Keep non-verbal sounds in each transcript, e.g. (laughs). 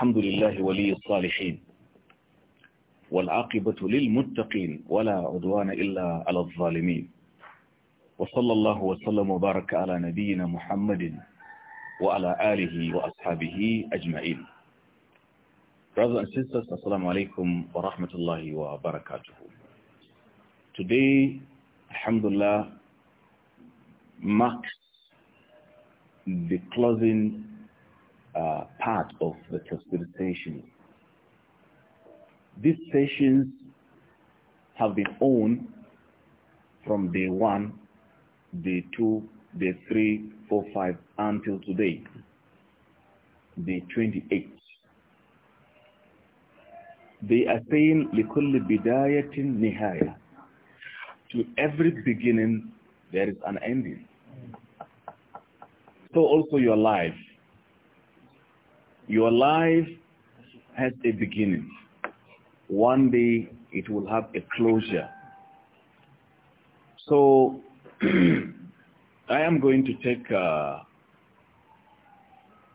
الحمد لله ولي الصالحين والعاقبة للمتقين ولا عدوان إلا على الظالمين وصلى الله وسلم وبارك على نبينا محمد وعلى آله وأصحابه أجمعين Brothers and sisters, Assalamu alaikum wa rahmatullahi wa barakatuh. Today, Alhamdulillah, marks the closing Uh, part of the facilitation. These sessions have been on from day one, day two, day three, four, five, until today, day 28. They are saying, لِكُلِّ بِدَايَةٍ nihaya." To every beginning, there is an ending. So also your life your life has a beginning. One day it will have a closure. So (clears throat) I am going to take uh,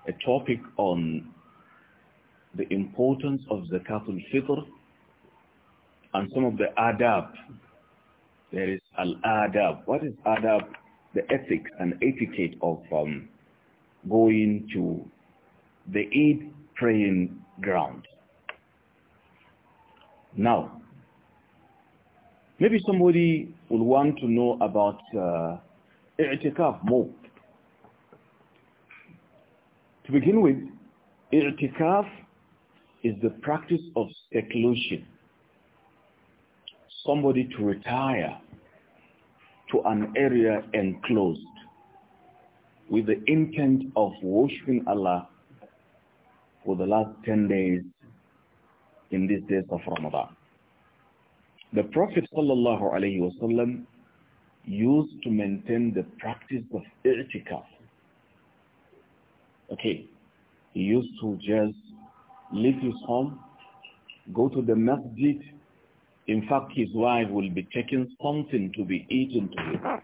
a topic on the importance of the zakatul fitr and some of the adab. There is al-adab. What is adab? The ethics and etiquette of um, going to the Eid praying ground. Now, maybe somebody will want to know about uh, i'tikaf more. To begin with, i'tikaf is the practice of seclusion. Somebody to retire to an area enclosed with the intent of worshiping Allah for the last 10 days in these days of Ramadan. The Prophet ﷺ used to maintain the practice of i'tikaf. Okay, he used to just leave his home, go to the masjid. In fact, his wife will be taking something to be eaten to him.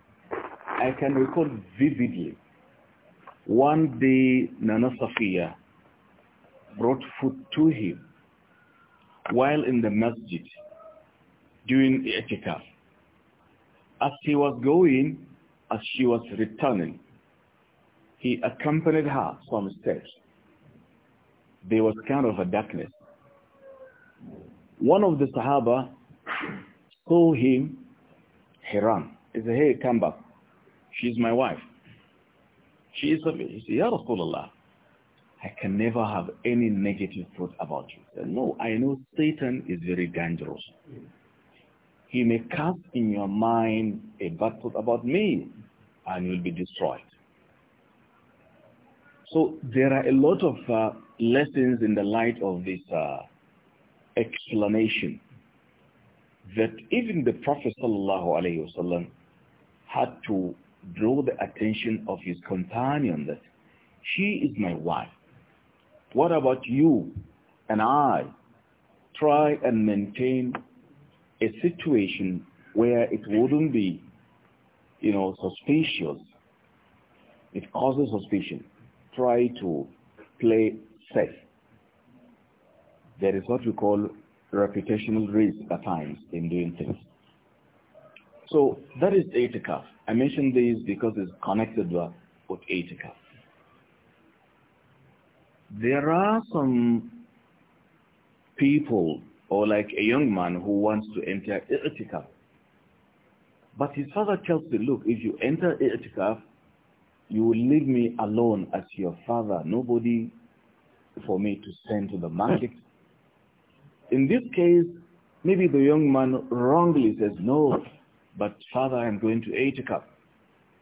I can recall vividly one day Nana Safiya brought food to him while in the masjid during i'tikaf. As he was going, as she was returning, he accompanied her some steps. There was kind of a darkness. One of the Sahaba saw him, he ran. He said, hey, come back. She's my wife. She is a, he said, Ya Rasulullah, I can never have any negative thought about you. No, I know Satan is very dangerous. He may cast in your mind a bad thought about me and you'll be destroyed. So there are a lot of uh, lessons in the light of this uh, explanation that even the Prophet ﷺ had to draw the attention of his companion that she is my wife. What about you and I? Try and maintain a situation where it wouldn't be, you know, suspicious. It causes suspicion. Try to play safe. There is what we call reputational risk at times in doing things. So that is ethicaf. I mentioned this because it's connected with ethicaf. There are some people or like a young man who wants to enter i'tikaf. But his father tells him, look, if you enter i'tikaf, you will leave me alone as your father. Nobody for me to send to the market. In this case, maybe the young man wrongly says, no, but father, I'm going to Etikaf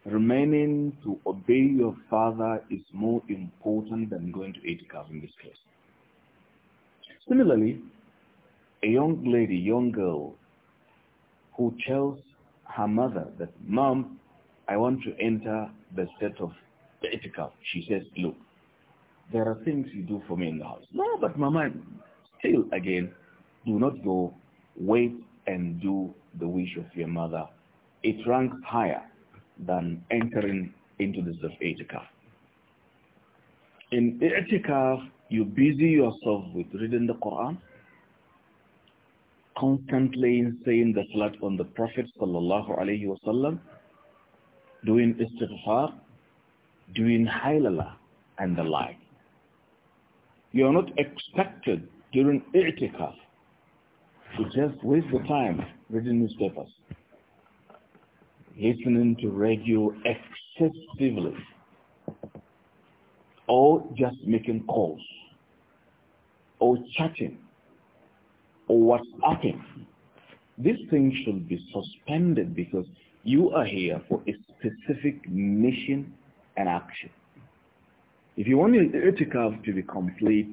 remaining to obey your father is more important than going to itikaf in this case. Similarly, a young lady, young girl, who tells her mother that, Mom, I want to enter the set of the She says, look, there are things you do for me in the house. No, but Mama, still again, do not go. Wait and do the wish of your mother. It ranks higher than entering into this of itikaf. In itikaf, you busy yourself with reading the Quran, constantly saying the salat on the Prophet sallallahu wasallam, doing istighfar, doing halala and the like. You are not expected during i'tikaf to just waste the time reading newspapers listening to radio excessively or just making calls or chatting or WhatsApping. This thing should be suspended because you are here for a specific mission and action. If you want your itikaf to be complete,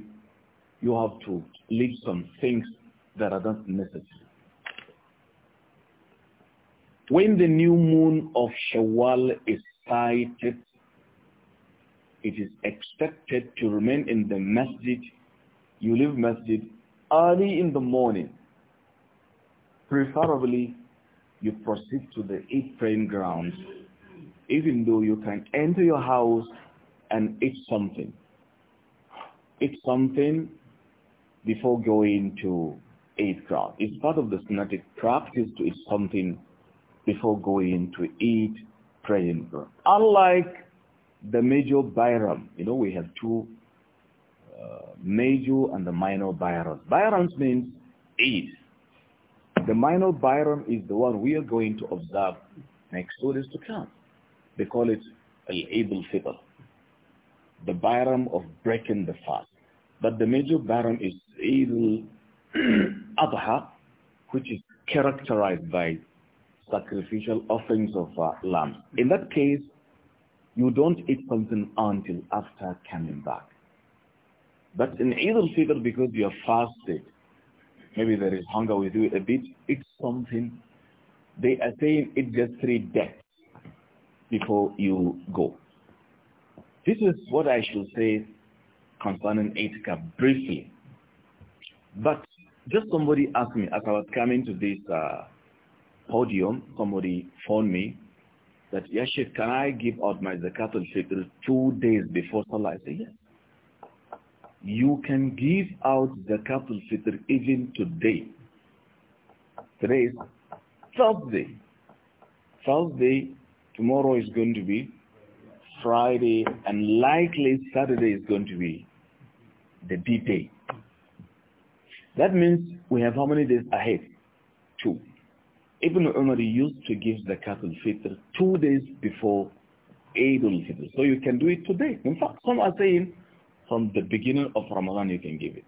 you have to leave some things that are not necessary. When the new moon of Shawwal is sighted, it is expected to remain in the masjid, you leave masjid early in the morning. Preferably, you proceed to the Eid praying grounds, even though you can enter your house and eat something. Eat something before going to Eid ground. It's part of the Sunnatic practice to eat something before going to eat, praying. Unlike the major Bayram, you know, we have two uh, major and the minor Bayrams. Bayrams means Eid. The minor Bayram is the one we are going to observe next two days to come. They call it Al-Eid al-Fitr, the Bayram of breaking the fast. But the major Bayram is Eid al-Adha, which is characterized by sacrificial offerings of uh, lambs. In that case, you don't eat something until after coming back. But in Eid al-Fitr, because you are fasted, maybe there is hunger with you a bit, eat something. They are saying it just three days before you go. This is what I should say concerning etiquette briefly. But just somebody asked me as I was coming to this uh, podium, somebody phoned me that, yeah, can I give out my zakat al-fitr two days before Salah? I said, yes. You can give out zakat al-fitr even today. Today is Thursday. Thursday, tomorrow is going to be Friday, and likely Saturday is going to be the D-Day. That means we have how many days ahead? Ibn Umar used to give the cattle fitr two days before Eid al-Fitr. So you can do it today. In fact, some are saying from the beginning of Ramadan you can give it.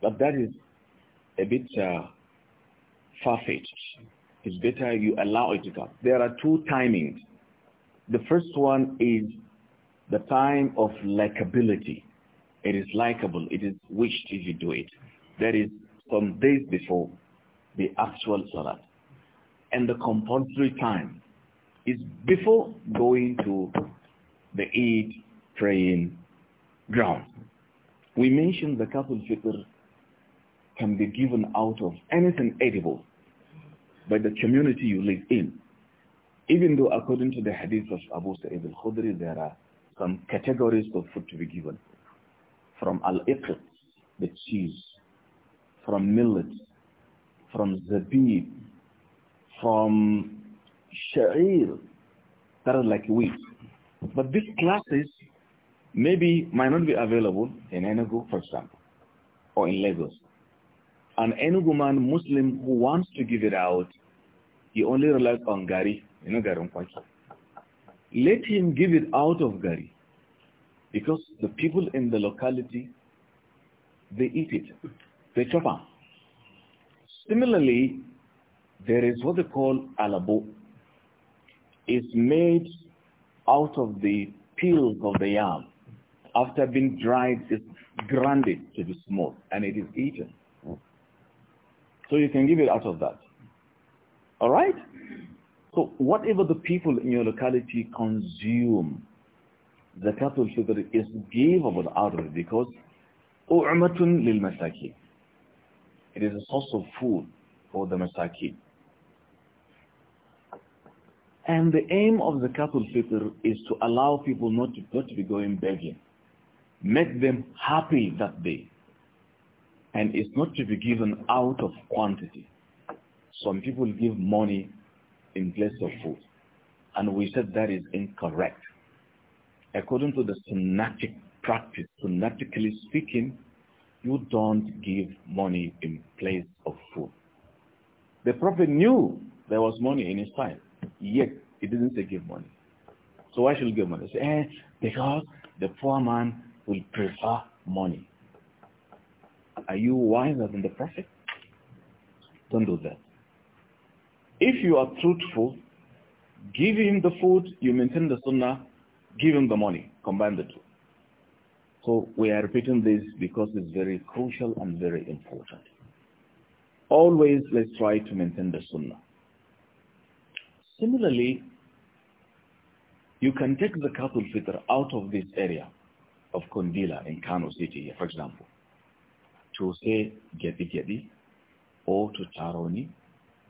But that is a bit uh, far-fetched. It's better you allow it to come. There are two timings. The first one is the time of likability. It is likable. It is wished if you do it. That is some days before the actual salat. And the compulsory time is before going to the Eid praying ground. We mentioned the Kapul Fitr can be given out of anything edible by the community you live in. Even though according to the hadith of Abu Sa'id al-Khudri, there are some categories of food to be given. From al-iqt, the cheese, from millet, from zabib, from sha'ir, that are like wheat. But these classes maybe might not be available in Enugu, for example, or in Lagos. An Enugu man, Muslim, who wants to give it out, he only relies on Gari, you know Gari Let him give it out of Gari, because the people in the locality, they eat it. They chop up. Similarly, there is what they call alabo. It's made out of the peels of the yam. After being dried, it's grinded to be small, and it is eaten. So you can give it out of that. All right? So whatever the people in your locality consume, the cattle fitr is giveable out of it because u'matun lil it is a source of food for the masakin. And the aim of the capital Fitr is to allow people not to, not to be going begging. Make them happy that day. And it's not to be given out of quantity. Some people give money in place of food. And we said that is incorrect. According to the Sunnatic practice, Sunnatically speaking, you don't give money in place of food. The prophet knew there was money in his time, yet he didn't say give money. So why should you give money? eh, because the poor man will prefer money. Are you wiser than the prophet? Don't do that. If you are truthful, give him the food, you maintain the sunnah, give him the money. Combine the two. So we are repeating this because it's very crucial and very important. Always let's try to maintain the sunnah. Similarly, you can take the Qatul Fitr out of this area of Kondila in Kano City, for example, to say Gedi Gedi, or to Taroni,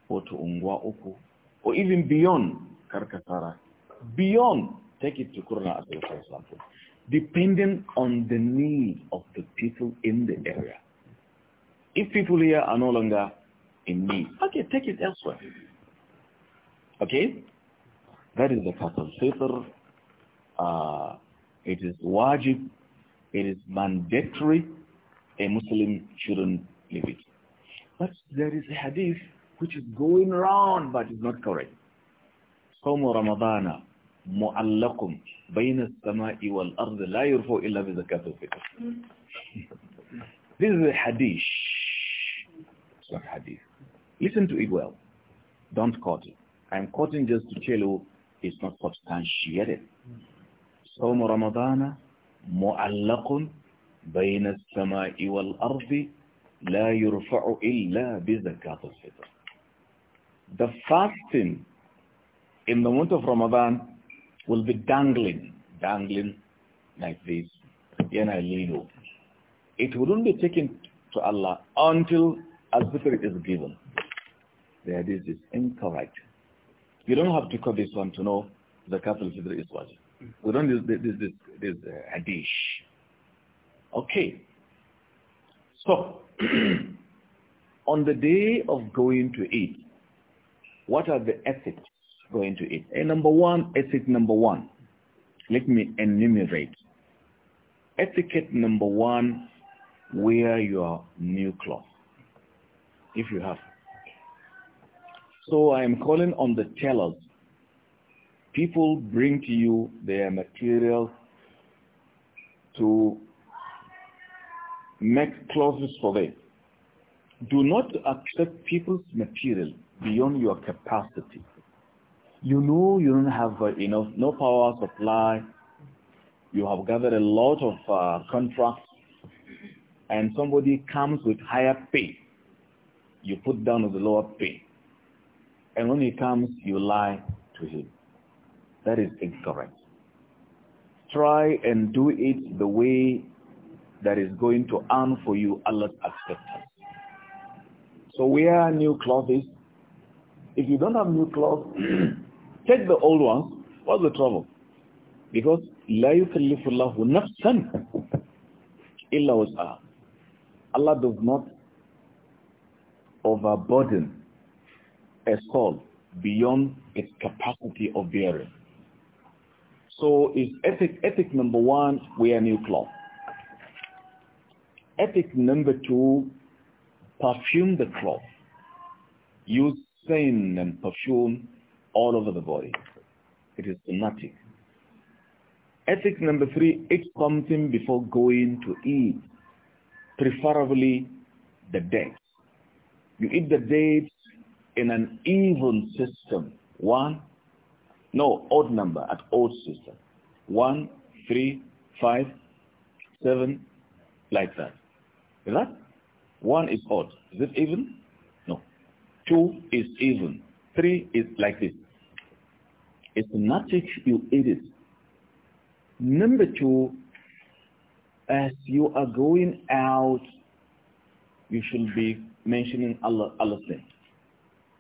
or to Ungwa Oku, or even beyond Karkatara, beyond, take it to Kurna, for example depending on the need of the people in the area. If people here are no longer in need, okay, take it elsewhere. Okay? That is the Qatar Fitr. Uh, it is wajib. It is mandatory. A Muslim shouldn't leave it. But there is a hadith which is going around but is not correct. Somu Ramadana معلق بين السماء والأرض لا يرفع إلا بزكاة الفطر This is a hadith. It's not hadith. Listen to it well. Don't quote it. I'm quoting just to tell you it's not substantiated. صوم رمضان معلق بين السماء والأرض لا يرفع إلا بزكاة الفطر. The fasting in the month of Ramadan will be dangling, dangling like this, yana lilu. It wouldn't be taken to Allah until al victory is given. The hadith is incorrect. You don't have to cut this one to know the capital fitr is what. We don't use this, this, this, this uh, hadith. Okay. So, (clears throat) on the day of going to eat, what are the ethics go into it. A number one, ethic number one. Let me enumerate. Etiquette number one, wear your new clothes, if you have. So I am calling on the tellers. People bring to you their materials to make clothes for them. Do not accept people's material beyond your capacity you know you don't have uh, enough, no power supply. You have gathered a lot of uh, contracts and somebody comes with higher pay. You put down the lower pay. And when he comes, you lie to him. That is incorrect. Try and do it the way that is going to earn for you Allah's acceptance. So wear new clothes. If you don't have new clothes, (clears throat) Take the old ones. What's the trouble? Because لا يكلف الله نفسا إلا وسعها. Allah does not overburden a soul beyond its capacity of bearing. So is ethic, ethic number one, wear new cloth? Ethic number two, perfume the cloth. Use same and perfume all over the body. It is sunnatic. Ethic number three, eat something before going to eat, preferably the dates. You eat the dates in an even system. One, no, odd number at odd system. One, three, five, seven, like that. Is that? One is odd. Is it even? No. Two is even. Three is like this. It's magic, you eat it. Number two, as you are going out, you should be mentioning Allah, Allah's name.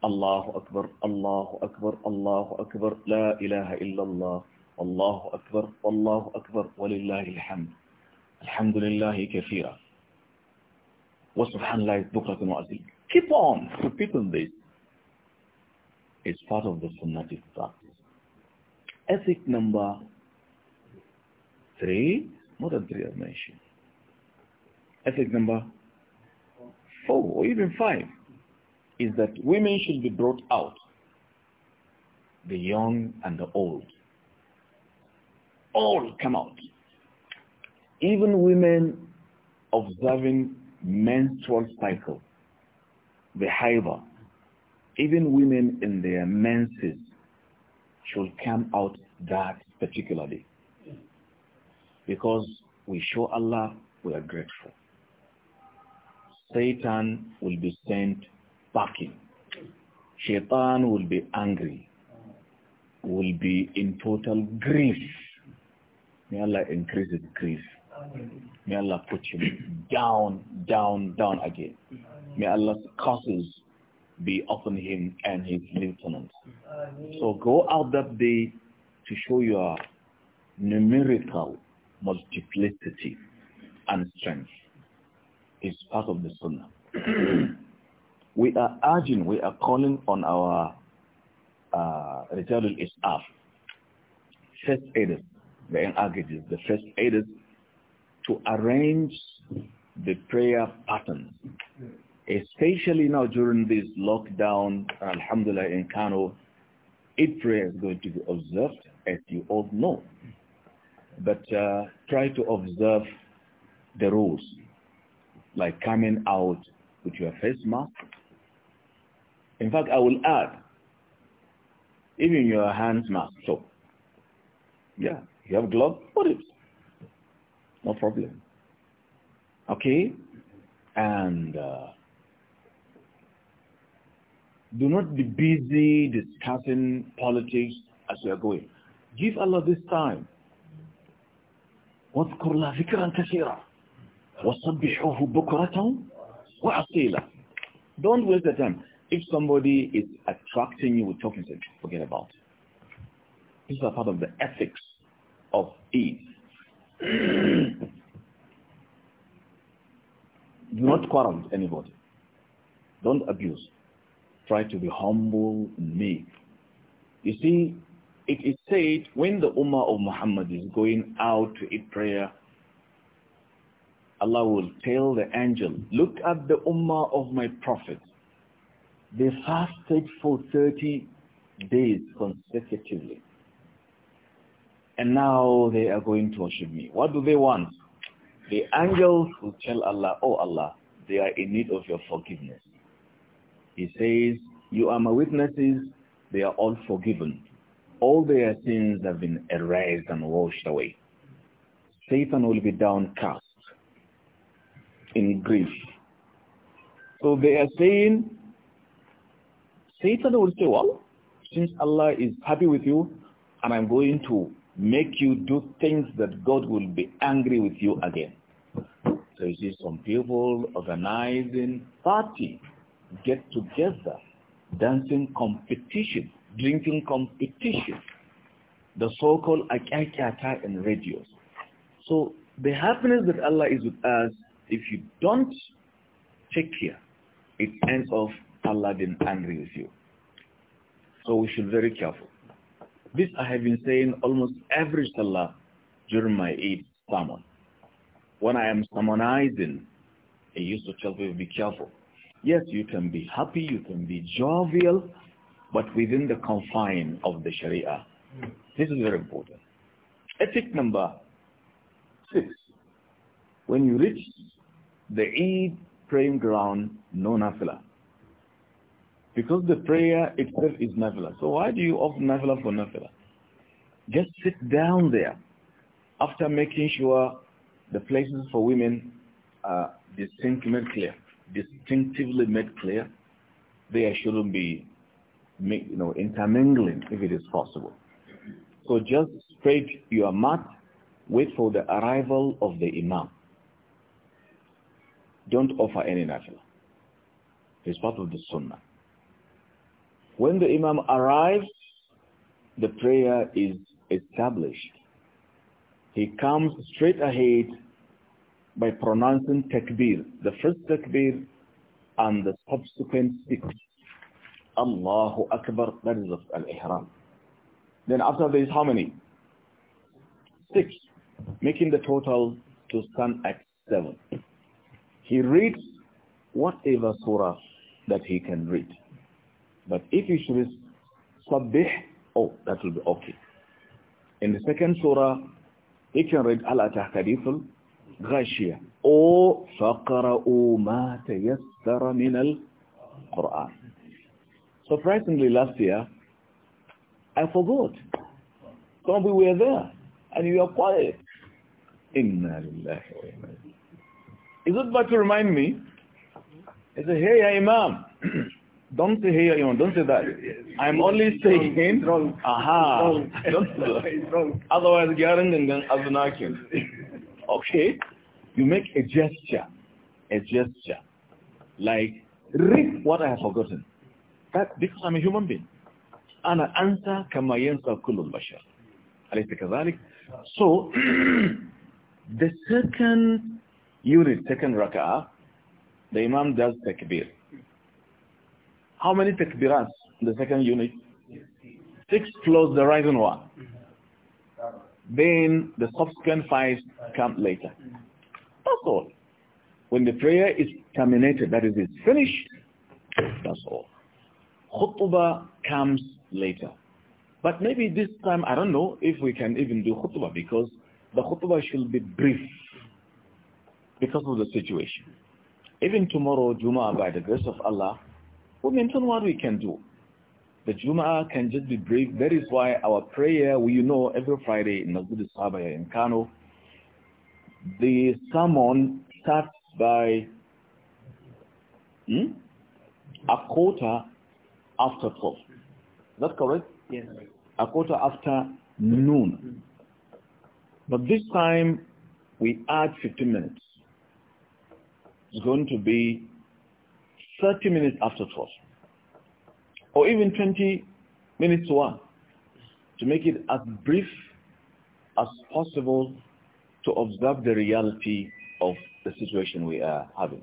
Allahu Akbar, Allahu Akbar, Allahu Akbar, La ilaha illallah, Allahu Akbar, Allahu Akbar, walillahi alhamd. Alhamdulillahi kathira. Wa subhanallah bukratun wa azim. Keep on repeating this. It's part of the sunnatic practice ethic number three, more than three I've mentioned. Ethic number four or even five is that women should be brought out, the young and the old. All come out. Even women observing menstrual cycle, the even women in their menses should come out that particular day. Because we show Allah we are grateful. Satan will be sent packing. Shaitan will be angry, will be in total grief. May Allah increase his grief. May Allah put him down, down, down again. May Allah's curses be upon him and his lieutenant. So go out that day to show your numerical multiplicity and strength. It's part of the sunnah. (clears throat) we are urging, we are calling on our uh, Rijal al first aiders, the engages, the first aiders, to arrange the prayer patterns especially now during this lockdown, alhamdulillah, in Kano, Eid prayer is going to be observed, as you all know. But uh, try to observe the rules, like coming out with your face mask. In fact, I will add, even your hands mask. So, yeah, you have gloves, put it. No problem. Okay? And... Uh, do not be busy discussing politics as you are going. Give Allah this time. واذكر الله ذكرا كثيرا وصبحوه بكرة وأصيلا Don't waste the time. If somebody is attracting you with talking to forget about it. This is a part of the ethics of Eid. (clears throat) Do not quarrel with anybody. Don't abuse try to be humble and meek. You see, it is said when the Ummah of Muhammad is going out to eat prayer, Allah will tell the angel, look at the Ummah of my prophet. They fasted for 30 days consecutively. And now they are going to worship me. What do they want? The angels will tell Allah, oh Allah, they are in need of your forgiveness. He says, You are my witnesses, they are all forgiven. All their sins have been erased and washed away. Satan will be downcast in grief. So they are saying, Satan will say, well, since Allah is happy with you, and I'm going to make you do things that God will be angry with you again. So you see some people organizing party get together, dancing competition, drinking competition, the so-called akyakyata in radios. So the happiness that Allah is with us, if you don't take care, it ends off Allah being angry with you. So we should be very careful. This I have been saying almost every Salah during my Eid sermon. When I am sermonizing, I used to tell people, be careful Yes, you can be happy, you can be jovial, but within the confine of the Sharia. Hmm. This is very important. Ethic number six. When you reach the Eid praying ground, no nafila. Because the prayer itself is nafila. So why do you offer nafila for nafila? Just sit down there after making sure the places for women are distinctly clear distinctively made clear, there shouldn't be you know, intermingling if it is possible. So just spread your mat, wait for the arrival of the imam. Don't offer any nafila. It's part of the sunnah. When the imam arrives, the prayer is established. He comes straight ahead by pronouncing takbir, the first takbir and the subsequent six. Allahu Akbar, that is of al-ihram. Then after this, how many? Six, making the total to stand at seven. He reads whatever surah that he can read. But if he should sabbih, oh, that will be okay. In the second surah, he can read Al-Atah غشية أو فقرأوا ما تيسر من القرآن Surprisingly last year, I forgot. Some of you were there and you were quiet. Inna lillahi Is it about to remind me? I said, hey, ya Imam. (clears throat) don't say hey, ya Imam. Don't say that. I'm only saying... It's wrong. Aha. wrong. Don't say that. Otherwise, (laughs) Okay? You make a gesture, a gesture, like, read what I have forgotten. That, because I'm a human being. أنا أنسى كما ينسى كل البشر. So, (clears throat) the second unit, second raka'ah, the Imam does takbir. How many takbirats in the second unit? Six plus the rising one then the subsequent five come later. That's all. When the prayer is terminated, that is, it's finished, that's all. Khutbah comes later. But maybe this time, I don't know if we can even do khutbah because the khutbah should be brief because of the situation. Even tomorrow, Jumu'ah, by the grace of Allah, we mention what we can do. The Jum'ah can just be brief. That is why our prayer, we you know every Friday in Nasrud Sabaya in Kano, the sermon starts by hmm, a quarter after 12. Is that correct? Yes. A quarter after noon. But this time we add 15 minutes. It's going to be 30 minutes after 12 or even 20 minutes to one to make it as brief as possible to observe the reality of the situation we are having.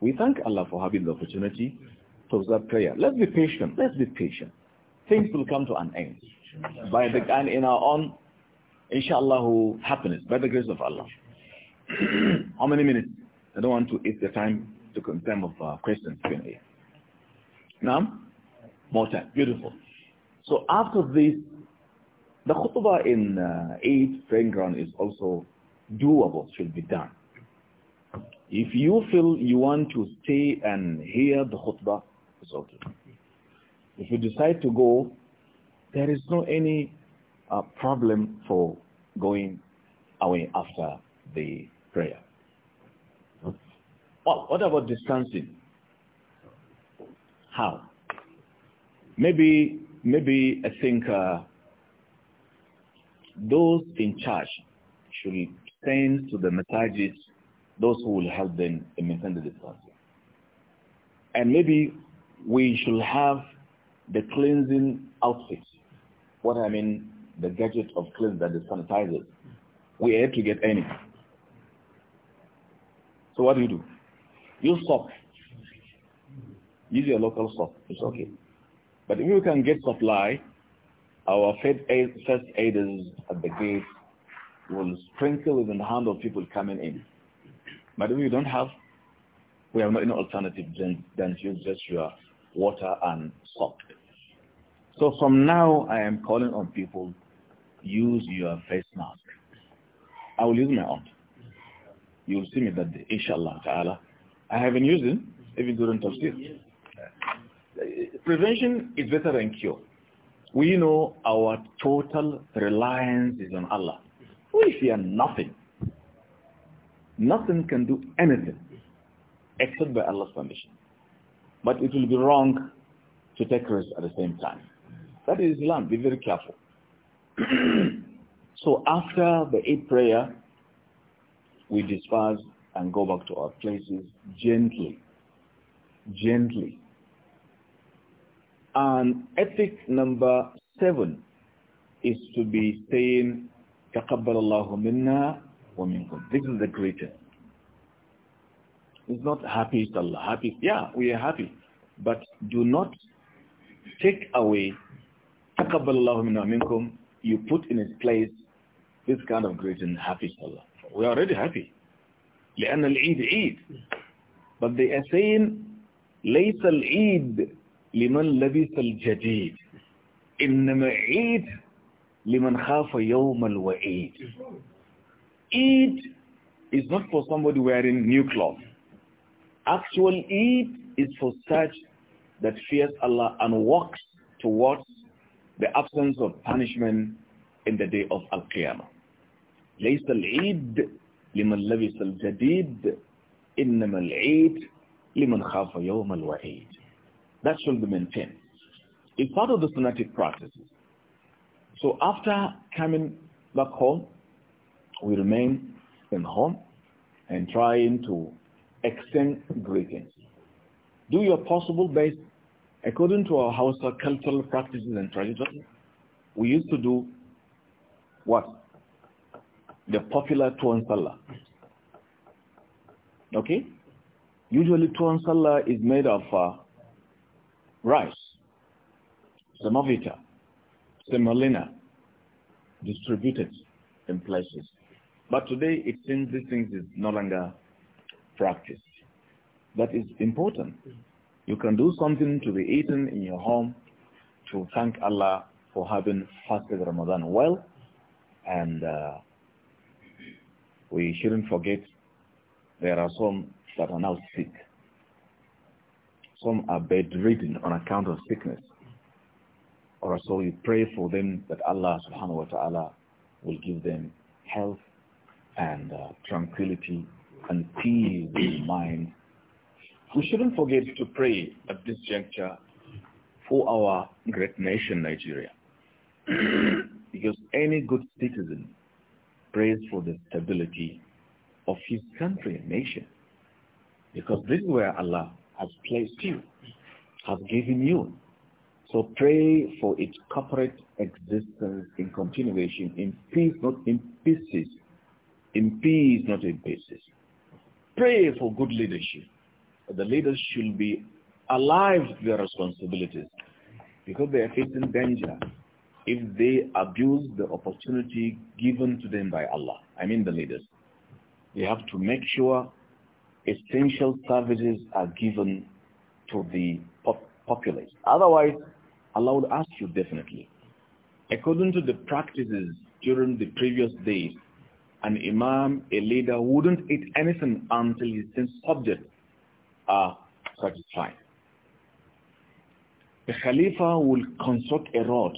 We thank Allah for having the opportunity to observe prayer. Let's be patient. Let's be patient. Things will come to an end. By the and in our own, inshallah, happiness, by the grace of Allah. (clears throat) How many minutes? I don't want to eat the time to concern of uh, questions. Now, more time, Beautiful. So after this, the khutbah in uh, eight praying ground is also doable, should be done. If you feel you want to stay and hear the khutbah, it's okay. If you decide to go, there is no any uh, problem for going away after the prayer. Well, what about distancing? How? Maybe, maybe I think uh, those in charge should send to the massages those who will help them maintain the distance. And maybe we should have the cleansing outfits. What I mean, the gadget of clean that is sanitizers. We are to get any. So what do you do? You stop. Use your local soap. It's okay. But if you can get supply, our first, aid, aiders at the gate will sprinkle within the hand of people coming in. But if you don't have, we have no alternative than, than use just your water and soap. So from now, I am calling on people, use your face mask. I will use my own. You will see me that day, inshallah ta'ala. I haven't used it, even during tafsir prevention is better than cure. We know our total reliance is on Allah. We fear nothing. Nothing can do anything except by Allah's permission. But it will be wrong to take risks at the same time. That is Islam. Be very careful. (clears throat) so after the eight prayer, we disperse and go back to our places gently. Gently. And ethic number seven is to be saying, تَقَبَّلَ اللَّهُ wa minkum. This is the greeting. It's not happy, it's Allah. Happy, yeah, we are happy. But do not take away تَقَبَّلَ اللَّهُ wa minkum. You put in its place this kind of greeting, happy, Allah. We are already happy. لأن العيد عيد. But they are saying, لَيْسَ الْعِيدِ لمن لبس الجديد إنما عيد لمن خاف يوم الوعيد Eid is not for somebody wearing new clothes. Actual Eid is for such that fears Allah and walks towards the absence of punishment in the day of Al-Qiyamah. ليس العيد لمن لبس الجديد إنما العيد لمن خاف يوم الوعيد that should be maintained. It's part of the sunnatic practices. So after coming back home, we remain in home and trying to extend greetings. Do your possible best according to our Hausa cultural practices and traditions. We used to do what? The popular Tuan Salah. Okay? Usually Tuan Salah is made of uh, rice, semovita, semolina, distributed in places. But today it seems these things is no longer practiced. That is important. You can do something to be eaten in your home to thank Allah for having fasted Ramadan well. And uh, we shouldn't forget there are some that are now sick. Some are bedridden on account of sickness. Or so we pray for them that Allah subhanahu wa ta'ala will give them health and uh, tranquility and peace in mind. We shouldn't forget to pray at this juncture for our great nation, Nigeria. (clears throat) because any good citizen prays for the stability of his country and nation. Because this is where Allah has placed you, has given you. So pray for its corporate existence in continuation, in peace, not in pieces. In peace, not in pieces. Pray for good leadership. The leaders should be alive to their responsibilities because they are facing danger if they abuse the opportunity given to them by Allah. I mean the leaders. They have to make sure essential services are given to the pop populace. Otherwise, Allah would ask you definitely. According to the practices during the previous days, an imam, a leader, wouldn't eat anything until his subjects are satisfied. The Khalifa will construct a road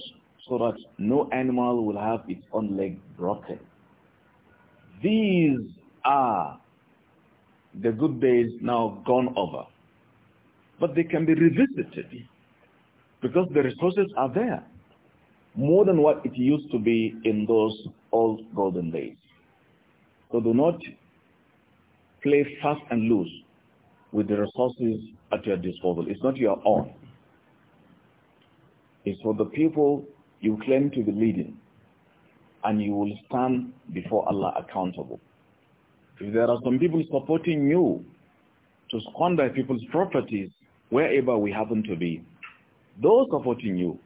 so that no animal will have its own leg broken. These are the good days now gone over. But they can be revisited because the resources are there more than what it used to be in those old golden days. So do not play fast and loose with the resources at your disposal. It's not your own. It's for the people you claim to be leading and you will stand before Allah accountable. If there are some people supporting you to squander people's properties wherever we happen to be, those supporting you,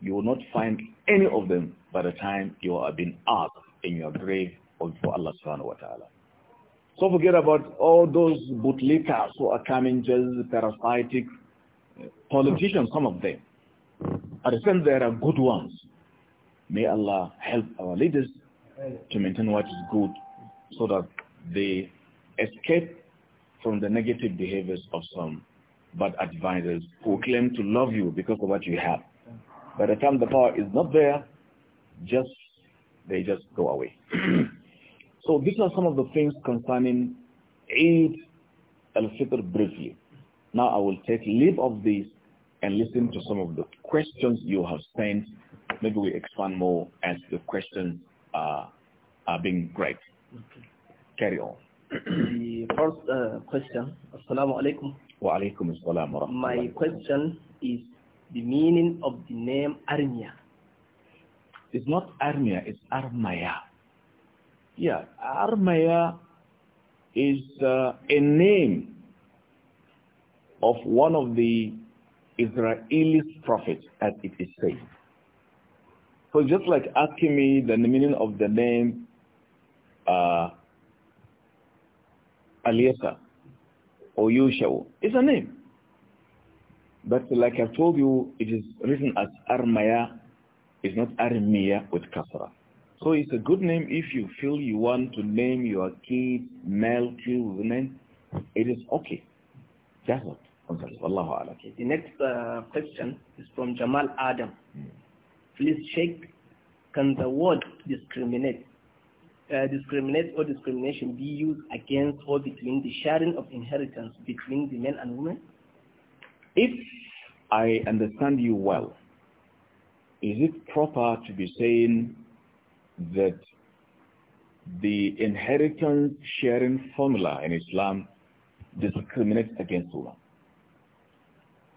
you will not find any of them by the time you are being asked in your grave or before Allah subhanahu wa ta'ala. So forget about all those bootlickers who are coming just parasitic politicians, some of them. At the same, there are good ones. May Allah help our leaders to maintain what is good so that they escape from the negative behaviors of some bad advisors who claim to love you because of what you have. By the time the power is not there, just they just go away. (clears throat) so these are some of the things concerning Eid al-Fitr briefly. Now I will take leave of these and listen to some of the questions you have sent. Maybe we expand more as the questions are, are being great. Okay. Carry on. The first uh, question, Assalamu alaikum. Wa alaikum assalam My question is the meaning of the name Armia. It's not Armia, it's Armaya. Yeah, Armaya is uh, a name of one of the Israeli prophets, as it is said. So just like asking me the meaning of the name uh, Aliasa or Yushau is a name. But like i told you, it is written as Armaya, it's not Armiya with Kasra. So it's a good name if you feel you want to name your kid male children. It is okay. That's what. Okay, the next uh, question is from Jamal Adam. Hmm. Please check, can the word discriminate uh, discriminate or discrimination be used against or between the sharing of inheritance between the men and women? If I understand you well, is it proper to be saying that the inheritance sharing formula in Islam discriminates against women?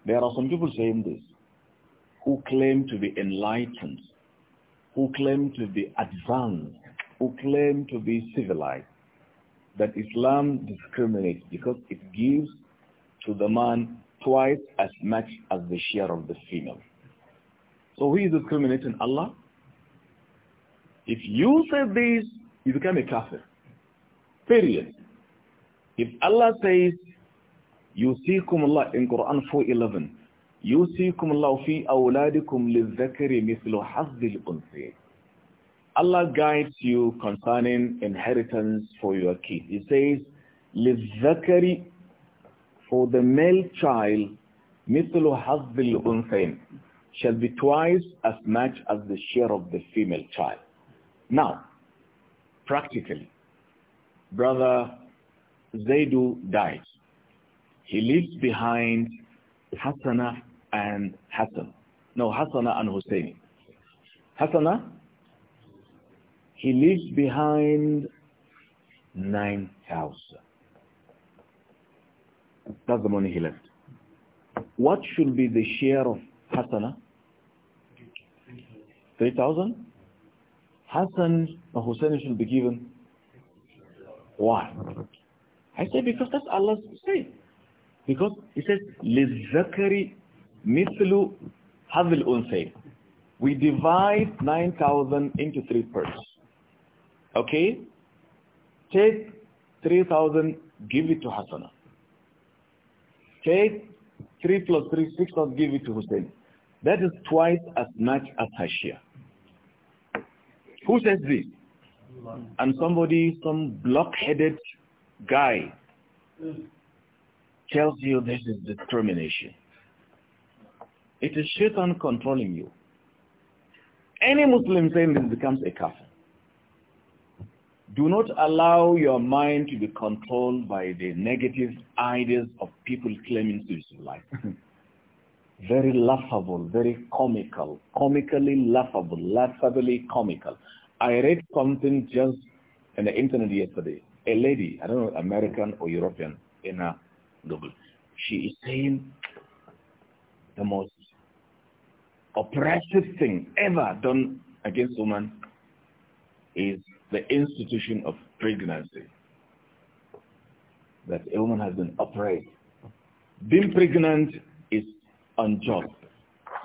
There are some people saying this who claim to be enlightened, who claim to be advanced who claim to be civilized that Islam discriminates because it gives to the man twice as much as the share of the female. So who is discriminating? Allah? If you say this, you become a kafir. Period. If Allah says, "You see Allah" in Quran 4.11, يُسِيكُمُ اللَّهُ فِي أَوْلَادِكُمْ لِلذَّكَرِ مِثْلُ حَظِّ الْأُنْثَيَيْنِ Allah guides you concerning inheritance for your kids. He says, لِلذَّكَرِ For the male child, مِثْلُ حَظِّ الْأُنْثَيْنِ Shall be twice as much as the share of the female child. Now, practically, brother Zaidu dies. He leaves behind Hassanah and Hassan. No, Hassanah and Hussein. Hassanah he leaves behind 9,000. That's the money he left. What should be the share of Hassan? 3,000? Hassan or Hussein should be given. Why? I say because that's Allah's say. Because he says, لِلذَّكَرِ مِثْلُ هَذِ الْأُنْثَيْنِ we divide 9,000 into three parts. Okay? Take 3,000, give it to Hassan. Take 3 plus 3, 6,000, give it to Hussein. That is twice as much as her share. Who says this? And somebody, some block-headed guy tells you this is discrimination. It is shaitan controlling you. Any Muslim saying this becomes a kafir. Do not allow your mind to be controlled by the negative ideas of people claiming to be life. very laughable, very comical, comically laughable, laughably comical. I read something just on the internet yesterday. A lady, I don't know, American or European, in a Google, she is saying the most oppressive thing ever done against women is the institution of pregnancy. That a woman has been upright. Being pregnant is unjust.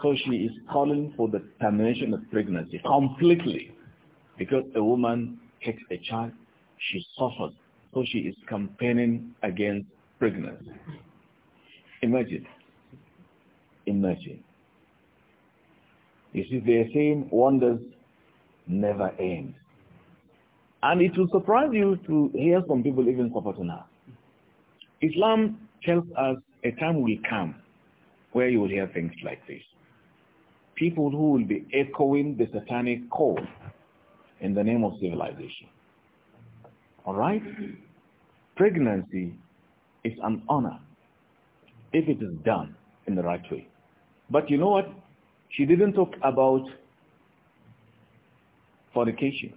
So she is calling for the termination of pregnancy completely because a woman takes a child, she suffers. So she is campaigning against pregnancy. Imagine. Imagine. You see, they are saying wonders never end. And it will surprise you to hear some people even supporting her. Islam tells us a time will come where you will hear things like this. People who will be echoing the satanic call in the name of civilization. All right? Pregnancy is an honor if it is done in the right way. But you know what? She didn't talk about fornication.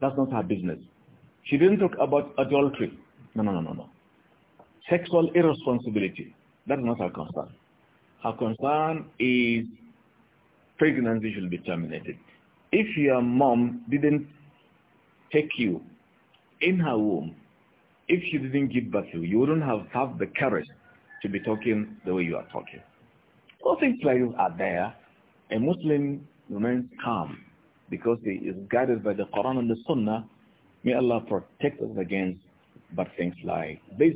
That's not her business. She didn't talk about adultery. No, no, no, no, no. Sexual irresponsibility. That's not her concern. Her concern is pregnancy should be terminated. If your mom didn't take you in her womb, if she didn't give birth to you, you wouldn't have had the courage to be talking the way you are talking. All things like this are there. A Muslim remains calm because it is is guided by the Quran and the Sunnah. May Allah protect us against bad things like this.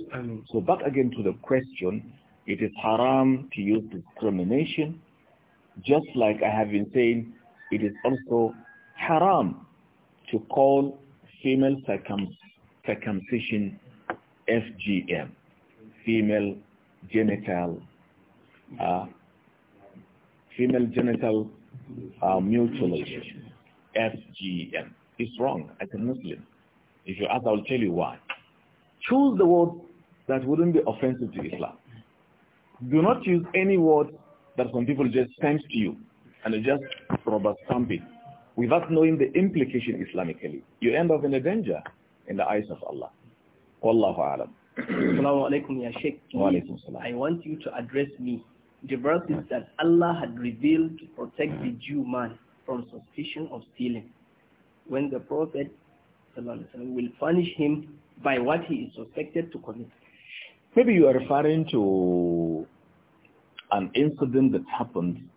So back again to the question, it is haram to use discrimination. Just like I have been saying, it is also haram to call female circumcision FGM, female genital, uh, female genital uh, mutilation. FGM. It's wrong as a Muslim. If you ask, I will tell you why. Choose the word that wouldn't be offensive to Islam. Do not use any word that some people just send to you and just rubber stamp it without knowing the implication Islamically. You end up in a danger in the eyes of Allah. Wallahu alam. (coughs) Assalamu alaikum ya Sheikh. I want you to address me. The verses that Allah had revealed to protect the Jew man from suspicion of stealing when the Prophet will punish him by what he is suspected to commit. Maybe you are referring to an incident that happened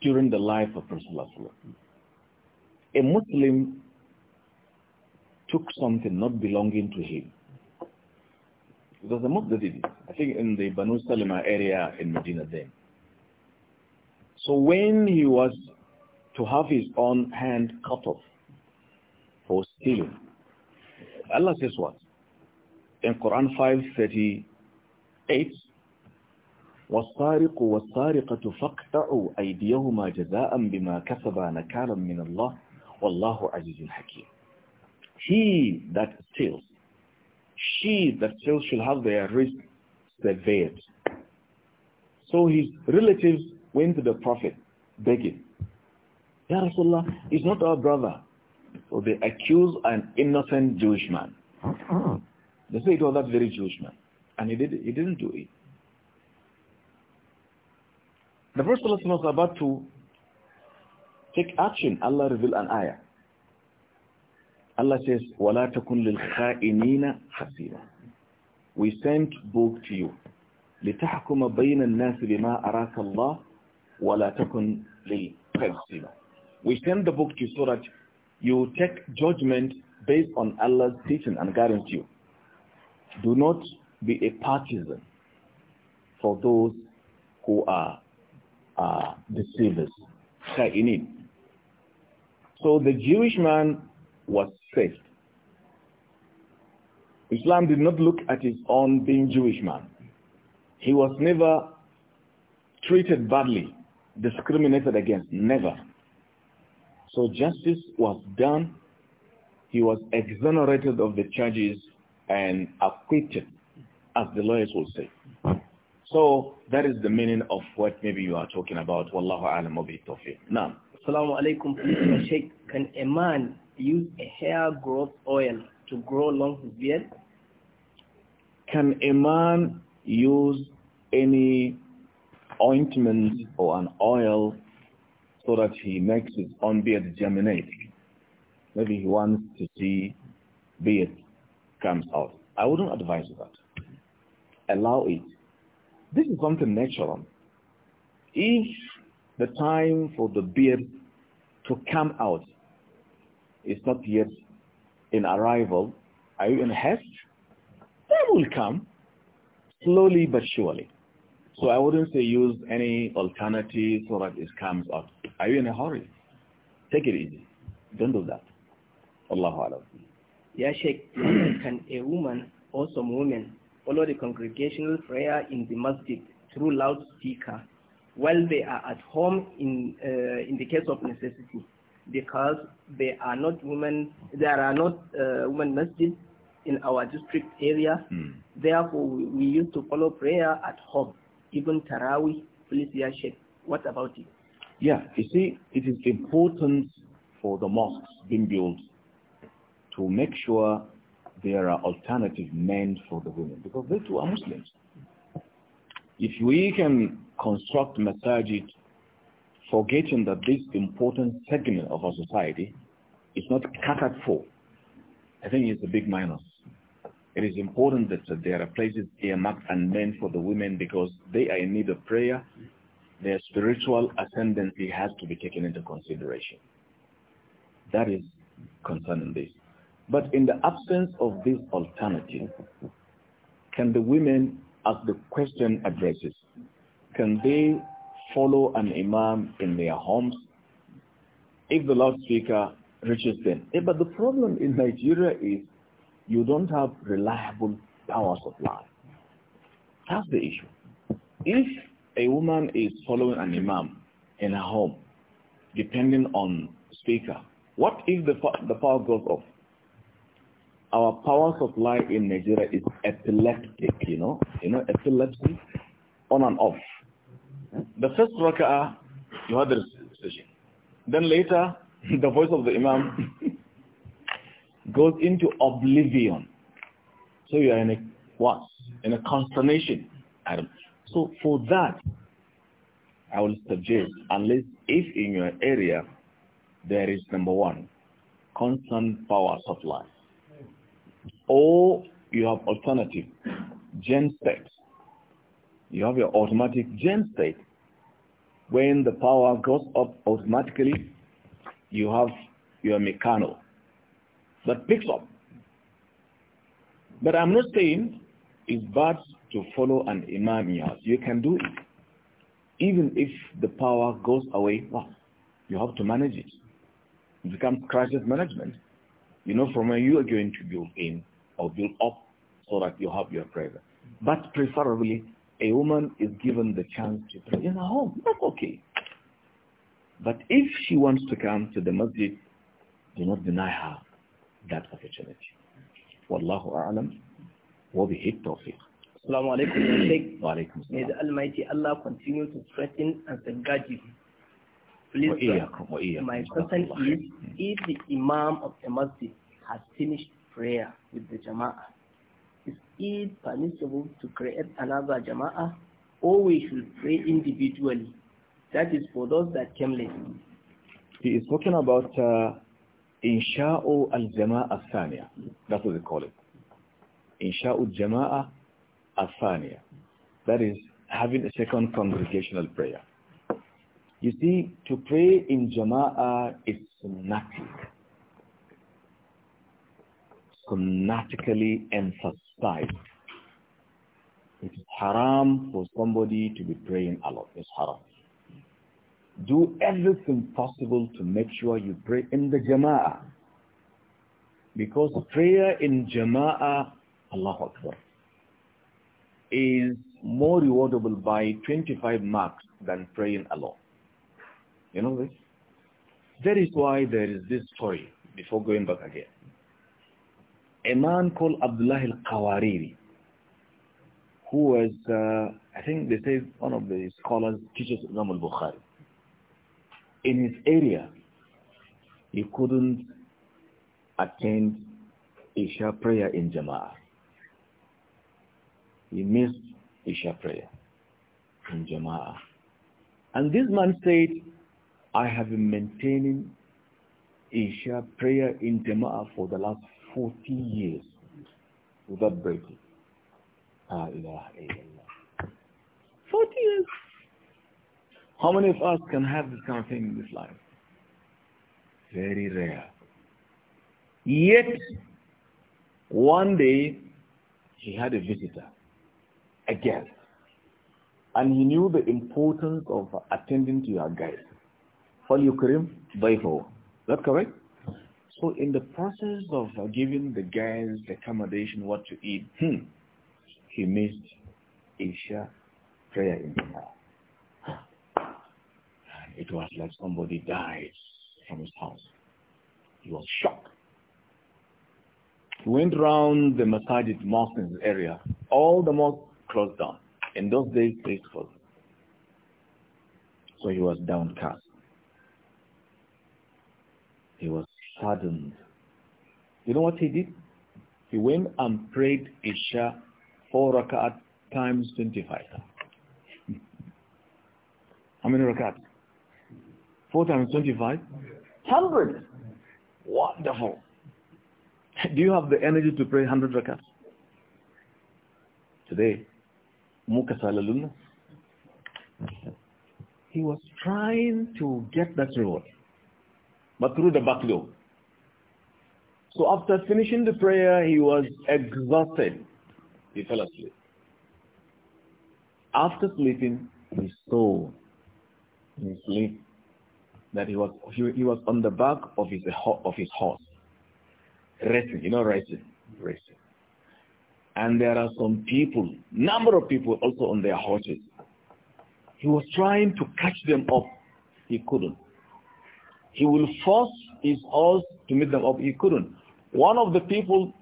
during the life of Rasulullah. A Muslim took something not belonging to him. It was a Muslim did it, I think in the Banu Salima area in Medina then. So when he was to have his own hand cut off for stealing. Allah says what? In Quran 5:38, والسارق والسارقة فاقطعوا أيديهما جزاء بما كسبا نكالا من الله والله عزيز حكيم. He that steals, she that steals shall have their wrist severed. So his relatives went to the Prophet begging. Ya Rasulullah, is not our brother. So they accuse an innocent Jewish man. They say it was that very Jewish man. And he, did, he didn't do it. The Prophet was about to take action. Allah revealed an ayah. Allah says, وَلَا تَكُنْ لِلْخَائِنِينَ خَسِيرًا We sent book to you. لِتَحْكُمَ بَيْنَ النَّاسِ بِمَا أَرَاكَ اللَّهِ وَلَا تَكُنْ لِلْخَيْرِ we send the book to you so that you take judgment based on Allah's teaching and guidance you. Do not be a partisan for those who are uh, deceivers. So the Jewish man was saved. Islam did not look at his own being Jewish man. He was never treated badly, discriminated against, never. So justice was done. He was exonerated of the charges and acquitted, as the lawyers will say. So that is the meaning of what maybe you are talking about. Wallahu alam wa tawfiq. Now. Assalamu alaikum. Sheikh, can a man use a hair growth oil to grow long his beard? Can a man use any ointment or an oil so that he makes his own beard germinate. Maybe he wants to see beard comes out. I wouldn't advise that. Allow it. This is something natural. If the time for the beard to come out is not yet in arrival, are you in haste? That will come slowly but surely. So I wouldn't say use any alternative so that it comes out. Are you in a hurry? Take it easy. Don't do that. Allahu Alam. Yeah, Sheikh, (clears throat) can a woman or some women follow the congregational prayer in the masjid through loudspeaker while they are at home in uh, in the case of necessity because they are not women there are not uh, women mosques in our district area mm. therefore we, we used to follow prayer at home even Tarawi, please, yeah, Sheikh, what about it? Yeah, you see, it is important for the mosques being built to make sure there are alternative men for the women, because they too are Muslims. If we can construct masajid forgetting that this important segment of our society is not catered for, I think it's a big minus. It is important that there are places earmarked and meant for the women because they are in need of prayer. Their spiritual ascendancy has to be taken into consideration. That is concerning this. But in the absence of this alternative, can the women, as the question addresses, can they follow an imam in their homes if the loudspeaker reaches them? Yeah, but the problem in Nigeria is you don't have reliable power supply. That's the issue. If a woman is following an imam in her home, depending on speaker, what if the, the power goes off? Our power supply in Nigeria is epileptic, you know, you know, epilepsy, on and off. The first raka'ah, you had the decision. Then later, (laughs) the voice of the imam goes into oblivion. So you are in a what? In a consternation, Adam. So for that, I will suggest, unless if in your area there is number one, constant power supply, or you have alternative gen state. You have your automatic gen state. When the power goes up automatically, you have your mechano, that picks up. But I'm not saying it's bad to follow an imam in your house. You can do it. Even if the power goes away, well, you have to manage it. It becomes crisis management. You know from where you are going to build in or build up so that you have your prayer. But preferably, a woman is given the chance to pray in her home. That's okay. But if she wants to come to the masjid, do not deny her that opportunity. Wallahu a'lam wa bihi tawfiq. Assalamu alaikum. Wa alaikum May the Almighty Allah continue to strengthen and safeguard you. Please, my question is, if the Imam of the Masjid has finished prayer with the Jama'ah, is it permissible to create another Jama'ah or we should pray individually? That is for those that came late. He is talking about uh, Insha'u al-jama'a thaniya. That's what they call it. Insha'u al-jama'a thaniya. That is having a second congregational prayer. You see, to pray in jama'a is sunnatic. Sunnatically emphasized. It is haram for somebody to be praying alone. It's haram do everything possible to make sure you pray in the jama'ah. Because prayer in jama'ah, Allahu Akbar, is more rewardable by 25 marks than praying alone. You know this? That is why there is this story, before going back again. A man called Abdullah al-Qawariri, who was, uh, I think they say one of the scholars, teachers of Imam al-Bukhari in his area, he couldn't attend Isha prayer in Jama'ah. He missed Isha prayer in Jama'ah. And this man said, I have been maintaining Isha prayer in Jama'ah for the last 40 years without breaking. 40 years. How many of us can have this kind of thing in this life? Very rare. Yet, one day, he had a visitor, a guest, and he knew the importance of attending to your guest. فَلْيُكْرِمْ ضَيْفَهُ That correct? So in the process of giving the guest accommodation, what to eat, hmm, he missed Isha prayer in the house. It was like somebody died from his house. He was shocked. He went round the Masajid mosque in the area. All the mosques closed down. In those days, Faithful. So he was downcast. He was saddened. You know what he did? He went and prayed Isha four rakat times 25. (laughs) How many rakat? 4 times 25? 100. Wonderful. Do you have the energy to pray 100 rakats? Today, Mukasalalunna. He was trying to get that reward, but through the back door. So after finishing the prayer, he was exhausted. He fell asleep. After sleeping, he saw. in sleep that he was he, he was on the back of his of his horse, racing. You know, racing, racing. And there are some people, number of people also on their horses. He was trying to catch them up. He couldn't. He will force his horse to meet them up. He couldn't. One of the people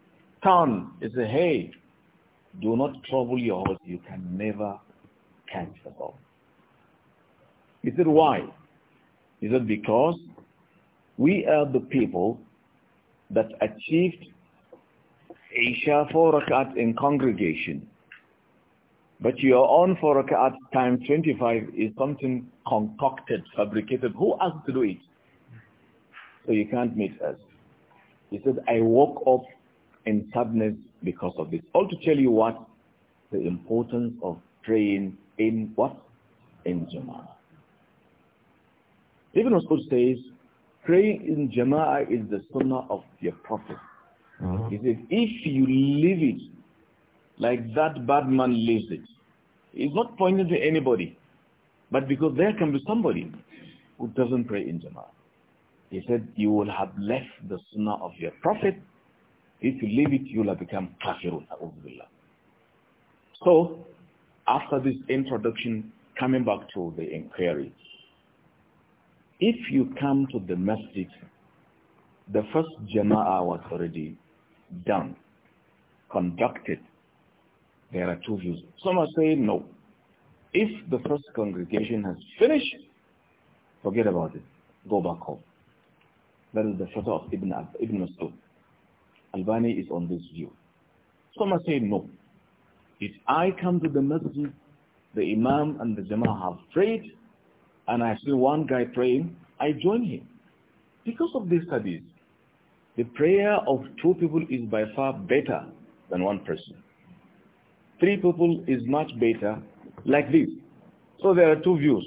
turned and said, hey, do not trouble your horse. You can never catch them up. He said, why? Is it because we are the people that achieved Isha four rakat in congregation. But your own four rakat times 25 is something concocted, fabricated. Who asked to do it? So you can't meet us. He says, I woke up in sadness because of this. All to tell you what? The importance of praying in what? In Jama'ah. Ibn Mas'ud says, praying in Jama'ah is the sunnah of your Prophet. Uh -huh. He says, if you leave it like that bad man leaves it, it's not pointing to anybody, but because there can be somebody who doesn't pray in Jama'ah. He said, you will have left the sunnah of your Prophet. If you leave it, you will have become kafirun. So, after this introduction, coming back to the inquiry, if you come to the masjid, the first jama'ah was already done, conducted. There are two views. Some are saying no. If the first congregation has finished, forget about it. Go back home. That is the fatwa of Ibn, Ibn Masud. Albani is on this view. Some are saying no. If I come to the masjid, the imam and the jama'ah have prayed, and I see one guy praying, I join him. Because of these studies. the prayer of two people is by far better than one person. Three people is much better like this. So there are two views.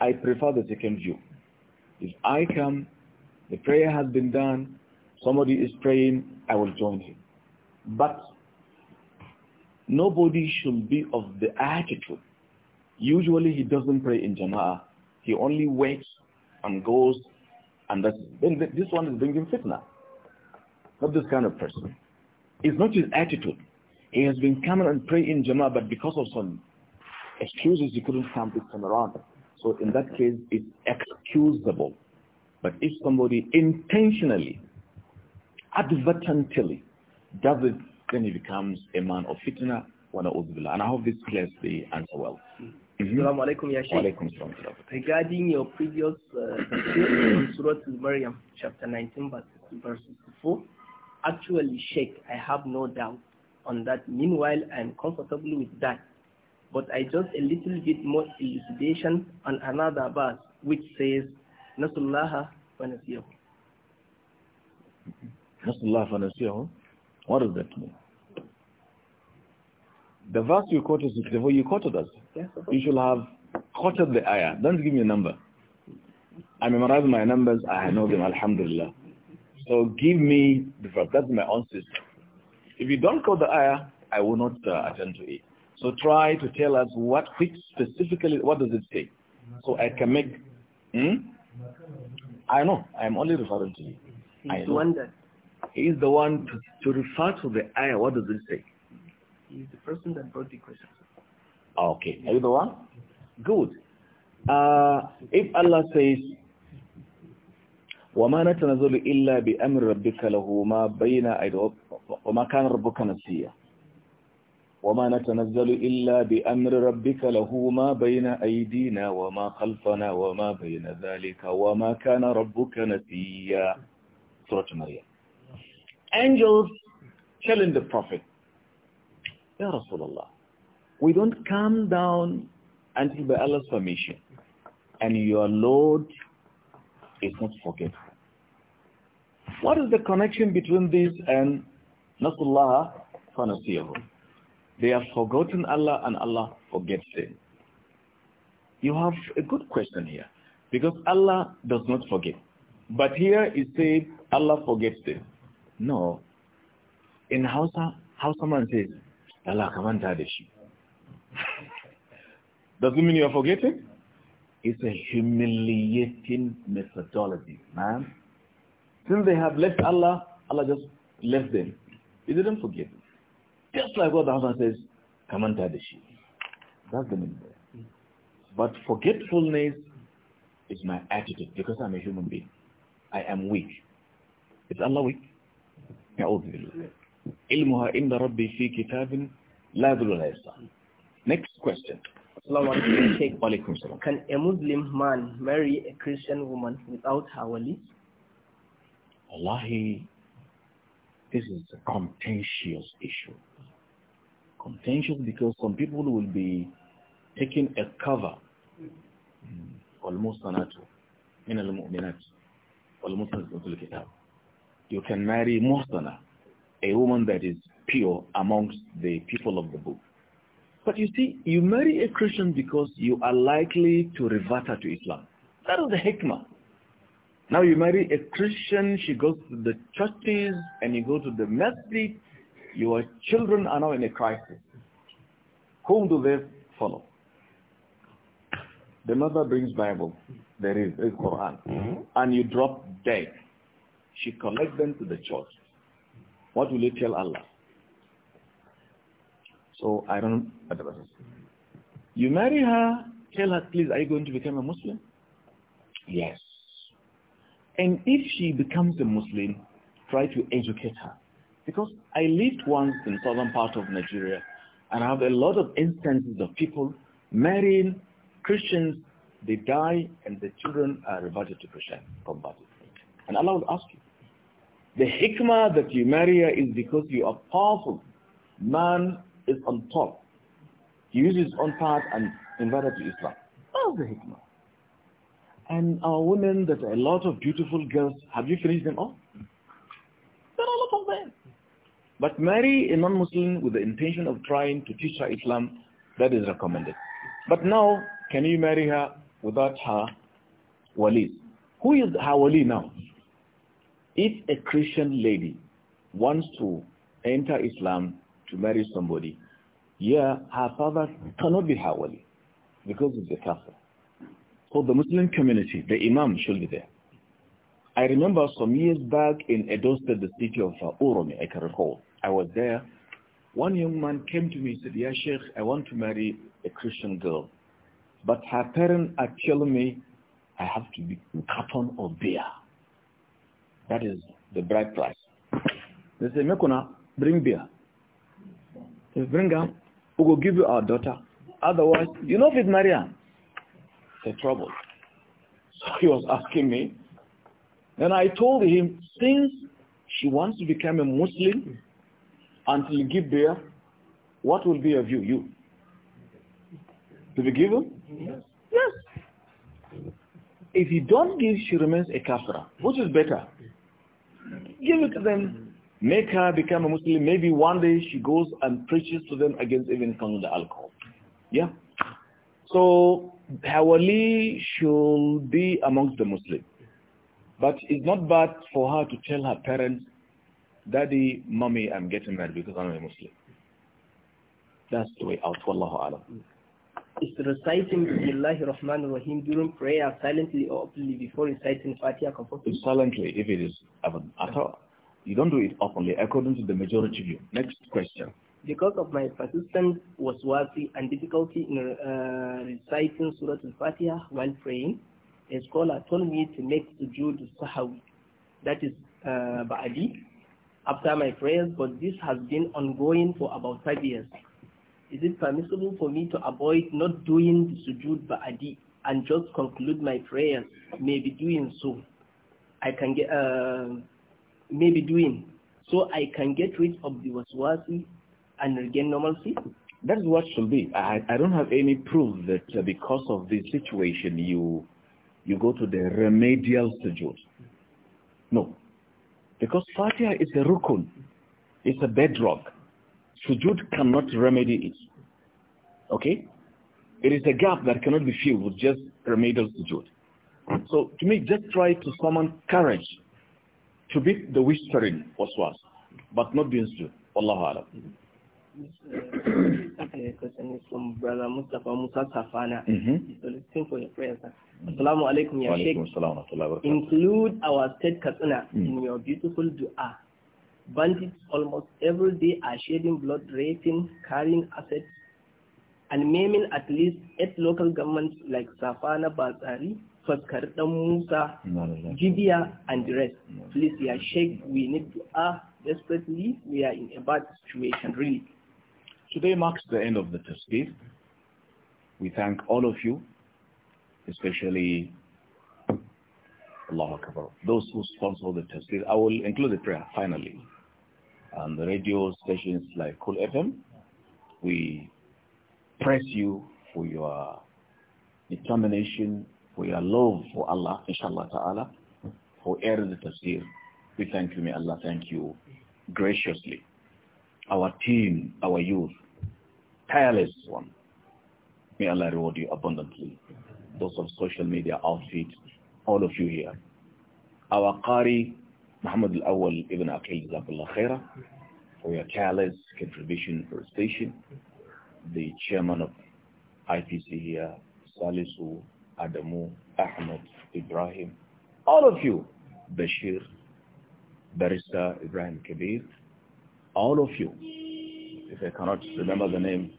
I prefer the second view. If I come, the prayer has been done, somebody is praying, I will join him. But nobody should be of the attitude Usually he doesn't pray in jama'ah. He only waits and goes and that's, then this one is bringing fitna. Not this kind of person. It's not his attitude. He has been coming and praying in jama'ah but because of some excuses he couldn't come this time around. So in that case it's excusable. But if somebody intentionally, advertently does it, then he becomes a man of fitna. And I hope this clears the answer well. Mm-hmm. Assalamu alaikum, Ya Regarding your previous uh, Surah Al-Maryam, chapter 19, verse 4, actually, Sheikh, I have no doubt on that. Meanwhile, I am comfortable with that. But I just a little bit more elucidation on another verse, which says, Nasullaha wa nasiyahu. Nasullaha wa nasiyahu? What does that mean? The verse you quoted is the way you quoted us. Yes, you should have quoted the ayah. Don't give me a number. I memorize my numbers. I know them, alhamdulillah. So give me the verse. That's my own system. If you don't quote the ayah, I will not uh, attend to it. So try to tell us what, which specifically, what does it say? So I can make, hmm? I know. I'm only referring to you. He's the one that... He's the one to, to refer to the ayah. What does it say? He's the person that brought the question. Okay. Are you the one? Good. Uh, if Allah says, وَمَا نَتَنَزُلُ إِلَّا بِأَمْرِ رَبِّكَ لَهُ مَا بَيْنَ وَمَا كَانَ رَبُّكَ نَسِيًّا وَمَا نَتَنَزَّلُ إِلَّا بِأَمْرِ رَبِّكَ لَهُ مَا بَيْنَ أَيْدِينَا وَمَا خَلْفَنَا وَمَا بَيْنَ ذَلِكَ وَمَا كَانَ رَبُّكَ نَسِيًّا Surah Maryam. Angels telling the Prophet, Ya Rasulullah, we don't come down until by Allah's permission. And your Lord is not forgetful. What is the connection between this and Nasullah Fanasiyahu? They have forgotten Allah and Allah forgets them. You have a good question here. Because Allah does not forget. But here it says Allah forgets them. No. In Hausa, how someone says, Allah ka manta da shi doesn't mean you're forgetting it's a humiliating methodology man since they have left Allah Allah just left them he didn't forget them. just like what the Hazan says ka manta da shi that's the meaning but forgetfulness is my attitude because I'm a human being I am weak is Allah weak? Next question. Can a Muslim man marry a Christian woman without her wali? Wallahi, this is a contentious issue. Contentious because some people will be taking a cover والمصنات من المؤمنات you can marry muhsana a woman that is pure amongst the people of the book. But you see, you marry a Christian because you are likely to revert her to Islam. That is the hikmah. Now you marry a Christian, she goes to the churches and you go to the masjid. Your children are now in a crisis. Whom do they follow? The mother brings Bible. There is, is Quran. Mm -hmm. And you drop dead. She collects them to the church. What will you tell Allah? So I don't advise. You marry her, tell her, please, are you going to become a Muslim? Yes. And if she becomes a Muslim, try to educate her. Because I lived once in southern part of Nigeria, and I have a lot of instances of people marrying Christians, they die, and the children are reverted to Christian, converted. And Allah will ask you, the hikmah that you marry is because you are powerful. Man is on top. He uses his own part and invited to Islam. That's the hikmah. And our women, that are a lot of beautiful girls, have you finished them all? There are a lot of them. But marry a non-Muslim with the intention of trying to teach her Islam, that is recommended. But now, can you marry her without her wali? Who is her wali now? If a Christian lady wants to enter Islam to marry somebody, yeah, her father cannot be her wali because of the kafir. So the Muslim community, the imam should be there. I remember some years back in Edo State, the city of uh, Uromi, I can recall. I was there. One young man came to me and said, Yeah, Sheikh, I want to marry a Christian girl. But her parents are telling me I have to be kafan or beer. That is the bride price. They say, Mekuna, bring beer. They bring her, we will give you our daughter. Otherwise, you know if it's a the trouble. (laughs) So he was asking me. Then I told him, since she wants to become a Muslim until you give beer, what will be your view? You. To be given? Yes. yes. If you don't give, she remains a kafra. Which is better? Give it to them. Make her become a Muslim. Maybe one day she goes and preaches to them against even some of the alcohol. Yeah. So her wali should be amongst the Muslims. But it's not bad for her to tell her parents, Daddy, Mommy, I'm getting married because I'm a Muslim. That's the way out. Wallahu alam is reciting Bismillah Rahman Rahim during prayer silently or openly before reciting Fatiha comfortably? Silently, if it is Adam. at all. You don't do it openly, according to the majority view. Next question. Because of my persistent waswasi and difficulty in uh, reciting Surah Al-Fatiha while praying, a scholar told me to make sujood sahawi, that is uh, ba'adi, after my prayers, but this has been ongoing for about five years is it permissible for me to avoid not doing the sujood ba'adi and just conclude my prayers? Maybe doing so, I can get, uh, maybe doing, so I can get rid of the waswasi and regain normalcy? That's what should be. I, I don't have any proof that uh, because of this situation you you go to the remedial sujood. No. Because Fatiha is a rukun. It's a bedrock. Sujud cannot remedy it. Okay? It is a gap that cannot be filled with just remedial sujud. So to me, just try to summon courage to beat the whispering waswas, but not being sujud. Wallahu alam. (coughs) question is from Brother Mustafa Musa Safana. Mm-hmm. He's soliciting for your prayers. Assalamu alaikum, Ya Sheikh. Include our state Katsina in mm. your beautiful dua Bandits almost every day are shedding blood, raping, carrying assets, and maiming at least eight local governments like Safana Bazari, Faskar Musa, Jibia, and the rest. Please, we are Sheikh. We need to act ah, desperately. We are in a bad situation, really. Today marks the end of the tafsir. We thank all of you, especially Allah Akbar, those who sponsor the tafsir. I will include the prayer finally and um, the radio stations like Cool FM. We praise you for your determination, for your love for Allah, inshallah ta'ala, for airing the tafsir. We thank you, may Allah thank you graciously. Our team, our youth, tireless one. May Allah reward you abundantly. Those of social media outfit, all of you here. Our Qari, Muhammad al-Awwal ibn Aqil Zakallah Khaira for your tireless contribution for station. The chairman of IPC here, Salisu, Adamu, Ahmed, Ibrahim, all of you, Bashir, Barista, Ibrahim Kabir, all of you. If I cannot remember the name,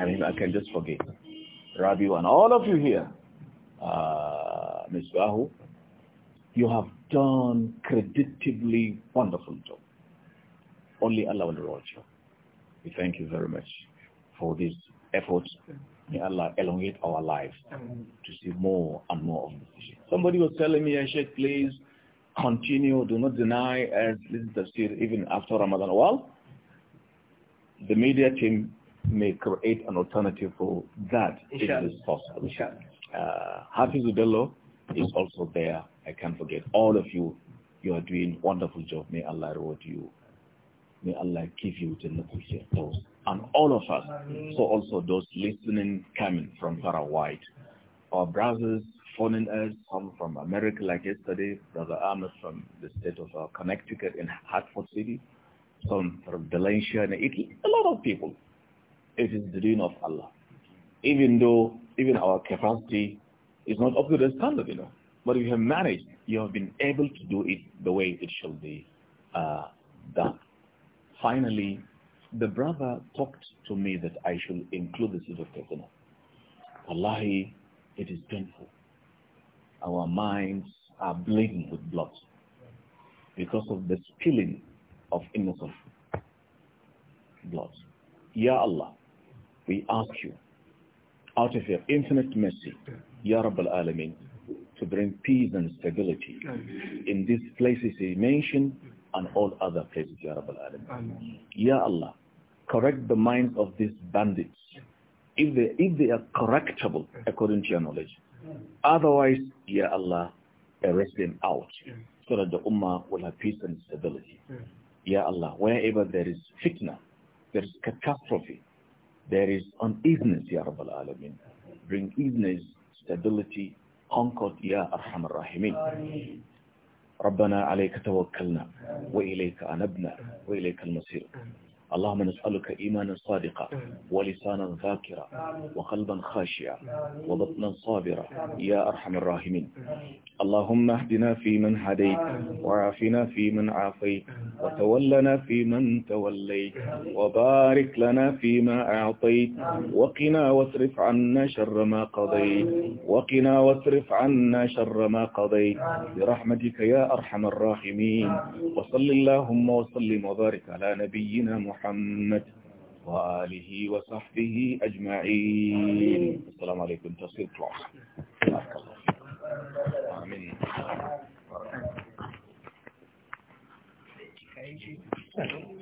I mean, I can just forget. Rabiu and all of you here, uh, Ms. Bahu, you have done creditably wonderful job. Only Allah will reward you. We thank you very much for these efforts. May Allah elongate our lives to see more and more of this. Somebody was telling me, said, please continue, do not deny as this tafsir even after Ramadan. Well, the media team may create an alternative for that Inshallah. if it is possible. Uh, Hafiz Udello is also there. I can't forget all of you. You are doing wonderful job. May Allah reward you. May Allah give you the Firdaus. And all of us, so also those listening coming from far and wide. Our brothers phoning us, some from America like yesterday, Brother Ahmed from the state of uh, Connecticut in Hartford City, some from Valencia in Italy, a lot of people. It is the doing of Allah. Even though, even our capacity is not up to the standard, you know. But you have managed, you have been able to do it the way it shall be uh, done. Finally, the brother talked to me that I should include the civil of Kasana. Wallahi, it is painful. Our minds are bleeding with blood because of the spilling of innocent blood. Ya Allah, we ask you, out of your infinite mercy, Ya Rabbal Alameen, to bring peace and stability in these places he mentioned and all other places, Ya Rabbal Alameen. Ya Allah, correct the minds of these bandits if they, if they are correctable according to your knowledge. Otherwise, Ya Allah, arrest them out so that the Ummah will have peace and stability. Ya Allah, wherever there is fitna, there is catastrophe, there is uneasiness, Ya Rabbal Alameen. Bring easiness stability conquered يا أرحم الراحمين ربنا عليك توكلنا وإليك أنبنا وإليك المصير اللهم نسألك إيمانا صادقا ولسانا ذاكرا وقلبا خاشعا وبطنا صابرا يا أرحم الراحمين اللهم اهدنا في من هديت وعافنا في من عافيت وتولنا في من توليت وبارك لنا فيما أعطيت وقنا واصرف عنا شر ما قضيت وقنا واصرف عنا شر ما قضيت برحمتك يا أرحم الراحمين وصل اللهم وسلم وبارك على نبينا محمد محمد وآله وصحبه أجمعين السلام عليكم تصير كلاس آمين Thank you.